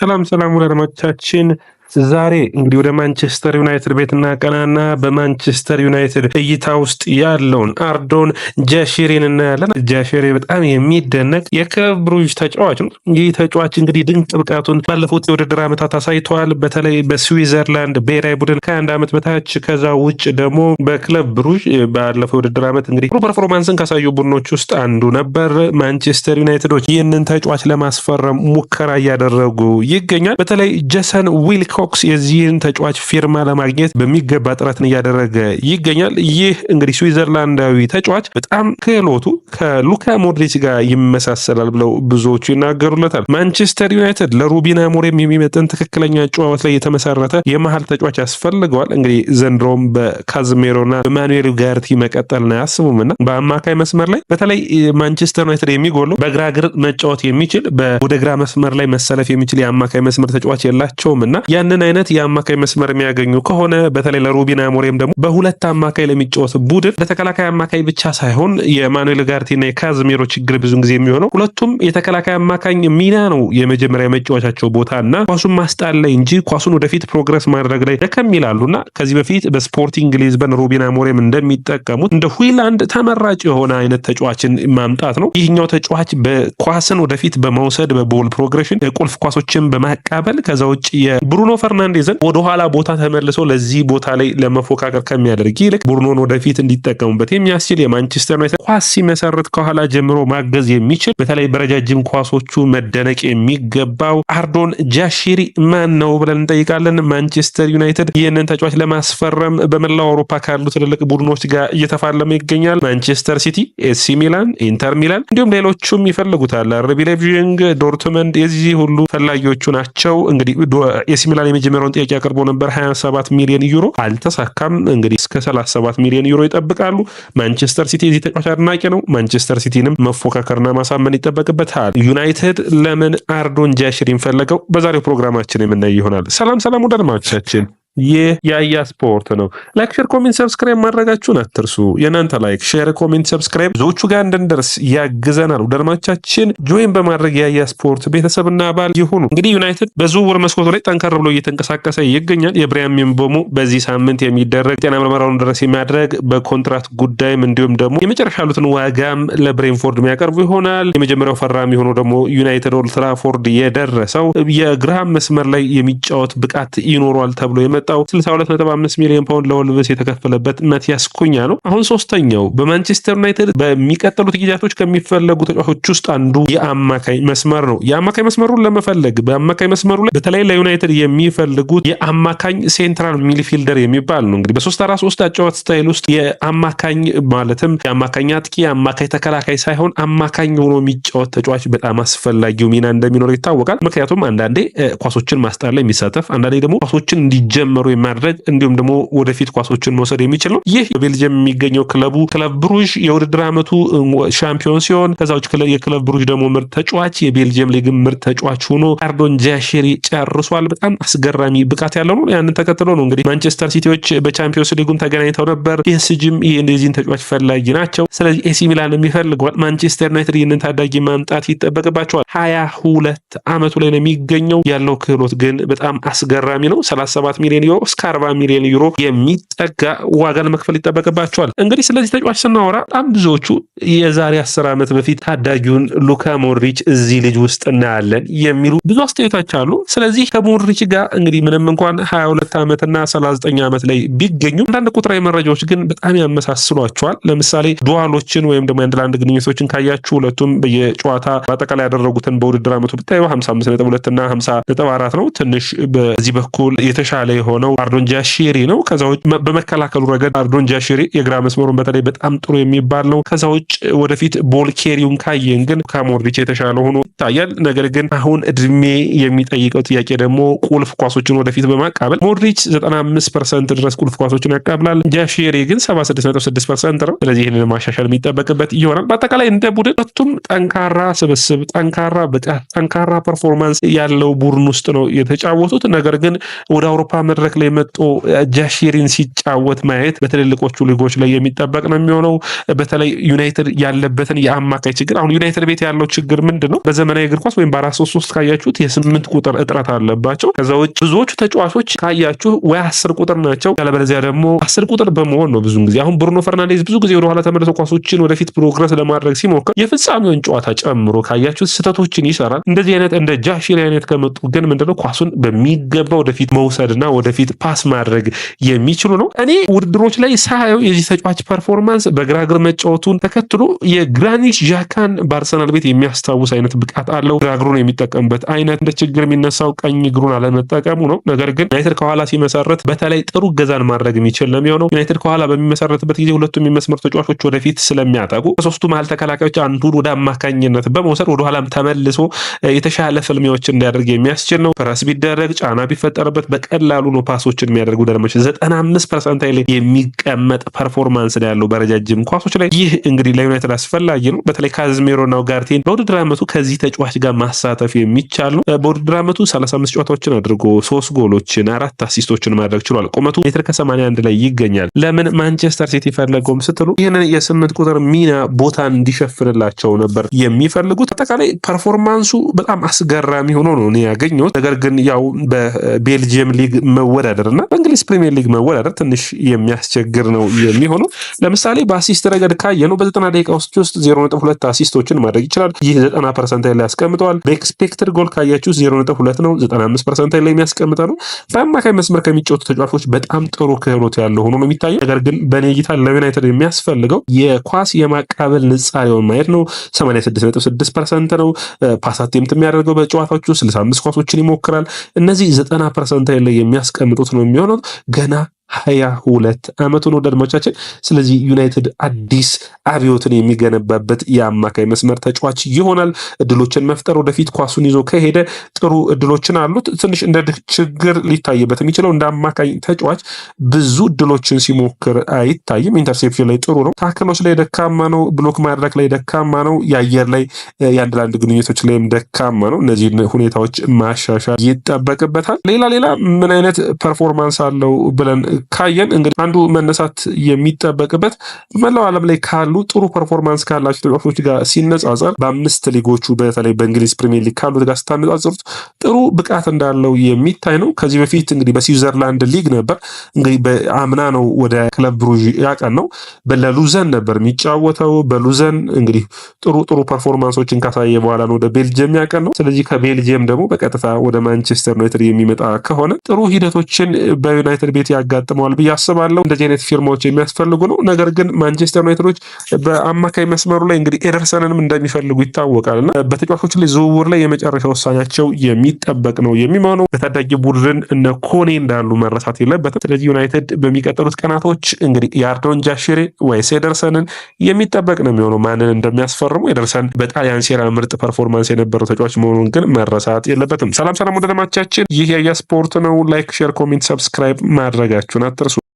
ሰላም ሰላም ወዳጆቻችን ዛሬ እንግዲህ ወደ ማንቸስተር ዩናይትድ ቤት እናቀናና በማንቸስተር ዩናይትድ እይታ ውስጥ ያለውን አርዶን ጃሽሪን እናያለን። ጃሽሪ በጣም የሚደነቅ የክለብ ብሩዥ ተጫዋች ነው። ይህ ተጫዋች እንግዲህ ድንቅ ብቃቱን ባለፉት የውድድር ዓመታት አሳይተዋል። በተለይ በስዊዘርላንድ ብሔራዊ ቡድን ከአንድ ዓመት በታች ከዛ ውጭ ደግሞ በክለብ ብሩጅ ባለፈው የውድድር ዓመት እንግዲህ ጥሩ ፐርፎርማንስን ካሳዩ ቡድኖች ውስጥ አንዱ ነበር። ማንቸስተር ዩናይትዶች ይህንን ተጫዋች ለማስፈረም ሙከራ እያደረጉ ይገኛል። በተለይ ጀሰን ዊልኮ ኮክስ የዚህን ተጫዋች ፊርማ ለማግኘት በሚገባ ጥረትን እያደረገ ይገኛል። ይህ እንግዲህ ስዊዘርላንዳዊ ተጫዋች በጣም ክህሎቱ ከሉካ ሞድሪች ጋር ይመሳሰላል ብለው ብዙዎቹ ይናገሩለታል። ማንቸስተር ዩናይትድ ለሩቢን አሞሪም የሚመጥን ትክክለኛ ጨዋወት ላይ የተመሰረተ የመሀል ተጫዋች ያስፈልገዋል። እንግዲህ ዘንድሮም በካዝሜሮና በማኑኤል ጋርቲ መቀጠል ነው አያስቡም እና በአማካይ መስመር ላይ በተለይ ማንቸስተር ዩናይትድ የሚጎሉ በግራ እግር መጫወት የሚችል ወደ ግራ መስመር ላይ መሰለፍ የሚችል የአማካይ መስመር ተጫዋች የላቸውም እና ያን ያንን አይነት የአማካይ መስመር የሚያገኙ ከሆነ በተለይ ለሩቢን አሞሪም ደግሞ በሁለት አማካይ ለሚጫወት ቡድን ለተከላካይ አማካይ ብቻ ሳይሆን የማኑኤል ጋርቲና የካዝሜሮ ችግር ብዙን ጊዜ የሚሆነው ሁለቱም የተከላካይ አማካኝ ሚና ነው የመጀመሪያ መጫወቻቸው ቦታ እና ኳሱን ማስጣል ላይ እንጂ ኳሱን ወደፊት ፕሮግረስ ማድረግ ላይ ደከም ይላሉ እና ከዚህ በፊት በስፖርቲንግ ሊዝበን ሩቢን አሞሪም እንደሚጠቀሙት እንደ ሁይላንድ ተመራጭ የሆነ አይነት ተጫዋችን ማምጣት ነው። ይህኛው ተጫዋች በኳስን ወደፊት በመውሰድ በቦል ፕሮግሬሽን የቁልፍ ኳሶችን በማቃበል ከዛ ውጭ የብሩኖ ፈርናንዴዝን ወደኋላ ቦታ ተመልሶ ለዚህ ቦታ ላይ ለመፎካከር ከሚያደርግ ይልቅ ቡድኑን ወደፊት እንዲጠቀሙበት የሚያስችል የማንቸስተር ዩናይትድ ኳስ ሲመሰርት ከኋላ ጀምሮ ማገዝ የሚችል በተለይ በረጃጅም ኳሶቹ መደነቅ የሚገባው አርዶን ጃሺሪ ማን ነው ብለን እንጠይቃለን። ማንቸስተር ዩናይትድ ይህንን ተጫዋች ለማስፈረም በመላው አውሮፓ ካሉ ትልልቅ ቡድኖች ጋር እየተፋለመ ይገኛል። ማንቸስተር ሲቲ፣ ኤሲ ሚላን፣ ኢንተር ሚላን እንዲሁም ሌሎቹም ይፈልጉታል። ርቢ ላይፕዚግ፣ ዶርትመንድ የዚህ ሁሉ ፈላጊዎቹ ናቸው። እንግዲህ ኤሲ ሚላን የመጀመሪያውን ጥያቄ አቅርቦ ነበር 27 ሚሊዮን ዩሮ አልተሳካም። እንግዲህ እስከ 37 ሚሊዮን ዩሮ ይጠብቃሉ። ማንቸስተር ሲቲ የዚህ ተጫዋች አድናቂ ነው። ማንቸስተር ሲቲንም መፎካከርና ማሳመን ይጠበቅበታል። ዩናይትድ ለምን አርዶን ጃሽሪን ፈለገው? በዛሬው ፕሮግራማችን የምናይ ይሆናል። ሰላም ሰላም ወደ አድማጮቻችን ይህ የአያ ስፖርት ነው። ላይክ፣ ሼር፣ ኮሜንት ሰብስክራይብ ማድረጋችሁን አትርሱ። የእናንተ ላይክ፣ ሼር፣ ኮሜንት ሰብስክራይብ ብዙዎቹ ጋር እንድንደርስ ያግዘናል። ደርማቻችን ጆይን በማድረግ የአያ ስፖርት ቤተሰብና አባል ይሁኑ። እንግዲህ ዩናይትድ በዝውውር መስኮቱ ላይ ጠንከር ብሎ እየተንቀሳቀሰ ይገኛል። የብሪያን ምቤሞ በዚህ ሳምንት የሚደረግ ጤና ምርመራውን ድረስ የሚያድረግ በኮንትራት ጉዳይም እንዲሁም ደግሞ የመጨረሻ ያሉትን ዋጋም ለብሬንፎርድ የሚያቀርቡ ይሆናል። የመጀመሪያው ፈራሚ የሆነው ደግሞ ዩናይትድ ኦልትራፎርድ የደረሰው የግርሃም መስመር ላይ የሚጫወት ብቃት ይኖሯል ተብሎ የመጣ ያወጣው 625 ሚሊዮን ፓውንድ ለወልቭስ የተከፈለበት መቲያስ ኩኛ ነው። አሁን ሶስተኛው በማንቸስተር ዩናይትድ በሚቀጥሉት ጊዜያቶች ከሚፈለጉ ተጫዋቾች ውስጥ አንዱ የአማካይ መስመር ነው። የአማካይ መስመሩን ለመፈለግ በአማካይ መስመሩ ላይ በተለይ ለዩናይትድ የሚፈልጉት የአማካኝ ሴንትራል ሚልፊልደር የሚባል ነው። እንግዲህ በሶስት አራት ሶስት አጫዋት ስታይል ውስጥ የአማካኝ ማለትም የአማካኝ አጥቂ፣ የአማካኝ ተከላካይ ሳይሆን አማካኝ ሆኖ የሚጫወት ተጫዋች በጣም አስፈላጊው ሚና እንደሚኖር ይታወቃል። ምክንያቱም አንዳንዴ ኳሶችን ማስጣር ላይ የሚሳተፍ አንዳንዴ ደግሞ ኳሶችን እንዲጀም እንዲጨመሩ የማድረግ እንዲሁም ደግሞ ወደፊት ኳሶችን መውሰድ የሚችል ነው። ይህ በቤልጅየም የሚገኘው ክለቡ ክለብ ብሩዥ የውድድር ዓመቱ ሻምፒዮን ሲሆን ከዛ ውጭ የክለብ ብሩዥ ደግሞ ምርጥ ተጫዋች የቤልጅየም ሊግም ምርጥ ተጫዋች ሆኖ ካርዶን ጃሽሪ ጨርሷል። በጣም አስገራሚ ብቃት ያለው ነው። ያንን ተከትሎ ነው እንግዲህ ማንቸስተር ሲቲዎች በቻምፒዮንስ ሊጉም ተገናኝተው ነበር። ኤስጂም የእንደዚህን ተጫዋች ፈላጊ ናቸው። ስለዚህ ኤሲ ሚላን የሚፈልገዋል። ማንቸስተር ዩናይትድ ይህንን ታዳጊ ማምጣት ይጠበቅባቸዋል። ሀያ ሁለት ዓመቱ ላይ ነው የሚገኘው። ያለው ክህሎት ግን በጣም አስገራሚ ነው። ሰላሳ ሰባት ሚሊዮን ሚሊዮን ዩሮ እስከ 40 ሚሊዮን ዩሮ የሚጠጋ ዋጋን መክፈል ይጠበቅባቸዋል። እንግዲህ ስለዚህ ተጫዋች ስናወራ በጣም ብዙዎቹ የዛሬ አስር ዓመት በፊት ታዳጊውን ሉካ ሞድሪች እዚህ ልጅ ውስጥ እናያለን የሚሉ ብዙ አስተያየቶች አሉ። ስለዚህ ከሞድሪች ጋር እንግዲህ ምንም እንኳን 22 ዓመትና 39 ዓመት ላይ ቢገኙም አንዳንድ ቁጥራዊ መረጃዎች ግን በጣም ያመሳስሏቸዋል። ለምሳሌ ዱዋሎችን ወይም ደግሞ የአንድ ለአንድ ግንኙነቶችን ካያችሁ ሁለቱም በየጨዋታ በአጠቃላይ ያደረጉትን በውድድር ዓመቱ ብታዩ 55.2 እና 50.4 ነው። ትንሽ በዚህ በኩል የተሻለ የሆነው አርዶን ጃሽሪ ነው። ከዛ ውጭ በመከላከሉ ረገድ አርዶን ጃሽሪ የግራ መስመሩን በተለይ በጣም ጥሩ የሚባል ነው። ከዛ ውጭ ወደፊት ቦልኬሪውን ካየን ግን ከሞድሪች የተሻለ ሆኖ ይታያል። ነገር ግን አሁን እድሜ የሚጠይቀው ጥያቄ ደግሞ ቁልፍ ኳሶችን ወደፊት በማቃበል ሞድሪች 95 ፐርሰንት ድረስ ቁልፍ ኳሶችን ያቃብላል። ጃሽሪ ግን 76.6 ፐርሰንት ነው። ስለዚህ ይህንን ማሻሻል የሚጠበቅበት ይሆናል። በአጠቃላይ እንደ ቡድን ሁለቱም ጠንካራ ስብስብ፣ ጠንካራ ብቃት፣ ጠንካራ ፐርፎርማንስ ያለው ቡድን ውስጥ ነው የተጫወቱት። ነገር ግን ወደ አውሮፓ መድረ መድረክ ላይ መጦ ጃሺሪን ሲጫወት ማየት በትልልቆቹ ሊጎች ላይ የሚጠበቅ ነው የሚሆነው። በተለይ ዩናይትድ ያለበትን የአማካይ ችግር አሁን ዩናይትድ ቤት ያለው ችግር ምንድን ነው? በዘመናዊ እግር ኳስ ወይም በአራት ሶስት ሶስት ካያችሁት የስምንት ቁጥር እጥረት አለባቸው። ከዛ ውጭ ብዙዎቹ ተጫዋቾች ካያችሁ ወይ አስር ቁጥር ናቸው፣ ያለበለዚያ ደግሞ አስር ቁጥር በመሆን ነው ብዙን ጊዜ። አሁን ብሩኖ ፈርናንዴዝ ብዙ ጊዜ ወደኋላ ተመልሶ ኳሶችን ወደፊት ፕሮግረስ ለማድረግ ሲሞክር የፍጻሜውን ጨዋታ ጨምሮ ካያችሁ ስህተቶችን ይሰራል። እንደዚህ አይነት እንደ ጃሺሪ አይነት ከመጡ ግን ምንድነው ኳሱን በሚገባ ወደፊት መውሰድና ወደ ወደፊት ፓስ ማድረግ የሚችሉ ነው። እኔ ውድድሮች ላይ ሳየው የዚህ ተጫዋች ፐርፎርማንስ በግራግር መጫወቱን ተከትሎ የግራኒት ዣካን በአርሰናል ቤት የሚያስታውስ አይነት ብቃት አለው። ግራግሩን የሚጠቀምበት አይነት እንደ ችግር የሚነሳው ቀኝ እግሩን አለመጠቀሙ ነው። ነገር ግን ዩናይትድ ከኋላ ሲመሰረት በተለይ ጥሩ ገዛን ማድረግ የሚችል ነው የሚሆነው። ዩናይትድ ከኋላ በሚመሰረትበት ጊዜ ሁለቱም የመስመር ተጫዋቾች ወደፊት ስለሚያጠቁ ከሶስቱ መሀል ተከላካዮች አንዱን ወደ አማካኝነት በመውሰድ ወደኋላም ተመልሶ የተሻለ ፍልሚያዎች እንዲያደርግ የሚያስችል ነው። ፕረስ ቢደረግ ጫና ቢፈጠርበት በቀላሉ ነው ፓሶችን የሚያደርጉ ደረሞች ዘጠና አምስት ላይ የሚቀመጥ ፐርፎርማንስ ነው ያለው በረጃጅም ኳሶች ላይ። ይህ እንግዲህ ለዩናይትድ አስፈላጊ ነው። በተለይ ካዝሜሮና ጋርቴን በውድድር ዓመቱ ከዚህ ተጫዋች ጋር ማሳተፍ የሚቻል ነው። በውድድር ዓመቱ 35 ጨዋታዎችን አድርጎ ሶስት ጎሎችን አራት አሲስቶችን ማድረግ ችሏል። ቁመቱ ሜትር ከ81 ላይ ይገኛል። ለምን ማንቸስተር ሲቲ ፈለገውም ስትሉ ይህንን የስምንት ቁጥር ሚና ቦታ እንዲሸፍንላቸው ነበር የሚፈልጉት። አጠቃላይ ፐርፎርማንሱ በጣም አስገራሚ ሆኖ ነው እኔ ያገኘሁት። ነገር ግን ያው በቤልጅየም ሊግ መወዳደር እና በእንግሊዝ ፕሪሚየር ሊግ መወዳደር ትንሽ የሚያስቸግር ነው የሚሆነው። ለምሳሌ በአሲስት ረገድ ካየነው በዘጠና ደቂቃዎች ውስጥ ዜሮ ነጥብ ሁለት አሲስቶችን ማድረግ ይችላል። ይህ ዘጠና ፐርሰንታይል ላይ ያስቀምጠዋል። በኤክስፔክትድ ጎል ካያችሁ ዜሮ ነጥብ ሁለት ነው፣ ዘጠና አምስት ፐርሰንታይል ላይ የሚያስቀምጠ ነው። በአማካይ መስመር ከሚጫወቱ ተጫዋቾች በጣም ጥሩ ክህሎት ያለው ሆኖ ነው የሚታየው። ነገር ግን በእኔ እይታ ለዩናይትድ የሚያስፈልገው የኳስ የማቀበል ንጻሬውን ማየት ነው። ስድስት ስድስት ፐርሰንት ነው። ፓስ አቴምፕት የሚያደርገው በጨዋታዎች ስልሳ አምስት ኳሶችን ይሞክራል። እነዚህ ዘጠና ፐርሰንት ላይ የሚያስቀ ከምጦት ነው የሚሆነው። ገና ሀያ ሁለት አመቱ ነው አድማጮቻችን። ስለዚህ ዩናይትድ አዲስ አብዮትን የሚገነባበት የአማካይ መስመር ተጫዋች ይሆናል። እድሎችን መፍጠር ወደፊት ኳሱን ይዞ ከሄደ ጥሩ እድሎችን አሉት። ትንሽ እንደ ችግር ሊታይበት የሚችለው እንደ አማካኝ ተጫዋች ብዙ እድሎችን ሲሞክር አይታይም። ኢንተርሴፕሽን ላይ ጥሩ ነው፣ ታክሎች ላይ ደካማ ነው፣ ብሎክ ማድረግ ላይ ደካማ ነው፣ የአየር ላይ የአንድ ለአንድ ግንኙነቶች ላይም ደካማ ነው። እነዚህን ሁኔታዎች ማሻሻል ይጠበቅበታል። ሌላ ሌላ ምን አይነት ፐርፎርማንስ አለው ብለን ካየን እንግዲህ አንዱ መነሳት የሚጠበቅበት መላው ዓለም ላይ ካሉ ጥሩ ፐርፎርማንስ ካላቸው ተጫዋቾች ጋር ሲነጻጸር በአምስት ሊጎቹ በተለይ በእንግሊዝ ፕሪሚየር ሊግ ካሉት ጋር ስታነጻጽሩት ጥሩ ብቃት እንዳለው የሚታይ ነው። ከዚህ በፊት እንግዲህ በስዊዘርላንድ ሊግ ነበር እንግዲህ በአምና ነው ወደ ክለብ ብሩዥ ያቀን ነው ለሉዘን ነበር የሚጫወተው። በሉዘን እንግዲህ ጥሩ ጥሩ ፐርፎርማንሶችን ካሳየ በኋላ ነው ወደ ቤልጅየም ያቀን ነው። ስለዚህ ከቤልጅየም ደግሞ በቀጥታ ወደ ማንቸስተር ዩናይትድ የሚመጣ ከሆነ ጥሩ ሂደቶችን በዩናይትድ ቤት ያጋጠ ገጥመዋል ብዬ አስባለሁ። እንደዚህ አይነት ፊርማዎች የሚያስፈልጉ ነው። ነገር ግን ማንቸስተር ዩናይትዶች በአማካይ መስመሩ ላይ እንግዲህ ኤደርሰንንም እንደሚፈልጉ ይታወቃል እና በተጫዋቾች ላይ ዝውውር ላይ የመጨረሻ ውሳኔያቸው የሚጠበቅ ነው የሚሆነው። በታዳጊ ቡድን እነ ኮኔ እንዳሉ መረሳት የለበትም። ስለዚህ ዩናይትድ በሚቀጥሉት ቀናቶች እንግዲህ የአርዶን ጃሽሬ ወይስ ኤደርሰንን የሚጠበቅ ነው የሚሆነው ማንን እንደሚያስፈርሙ። ኤደርሰን በጣሊያን ሴራ ምርጥ ፐርፎርማንስ የነበረው ተጫዋች መሆኑን ግን መረሳት የለበትም። ሰላም ሰላም፣ ወደ ደማቻችን ይህ የስፖርት ነው። ላይክ፣ ሼር፣ ኮሜንት፣ ሰብስክራይብ ማድረጋችሁ ሰናተር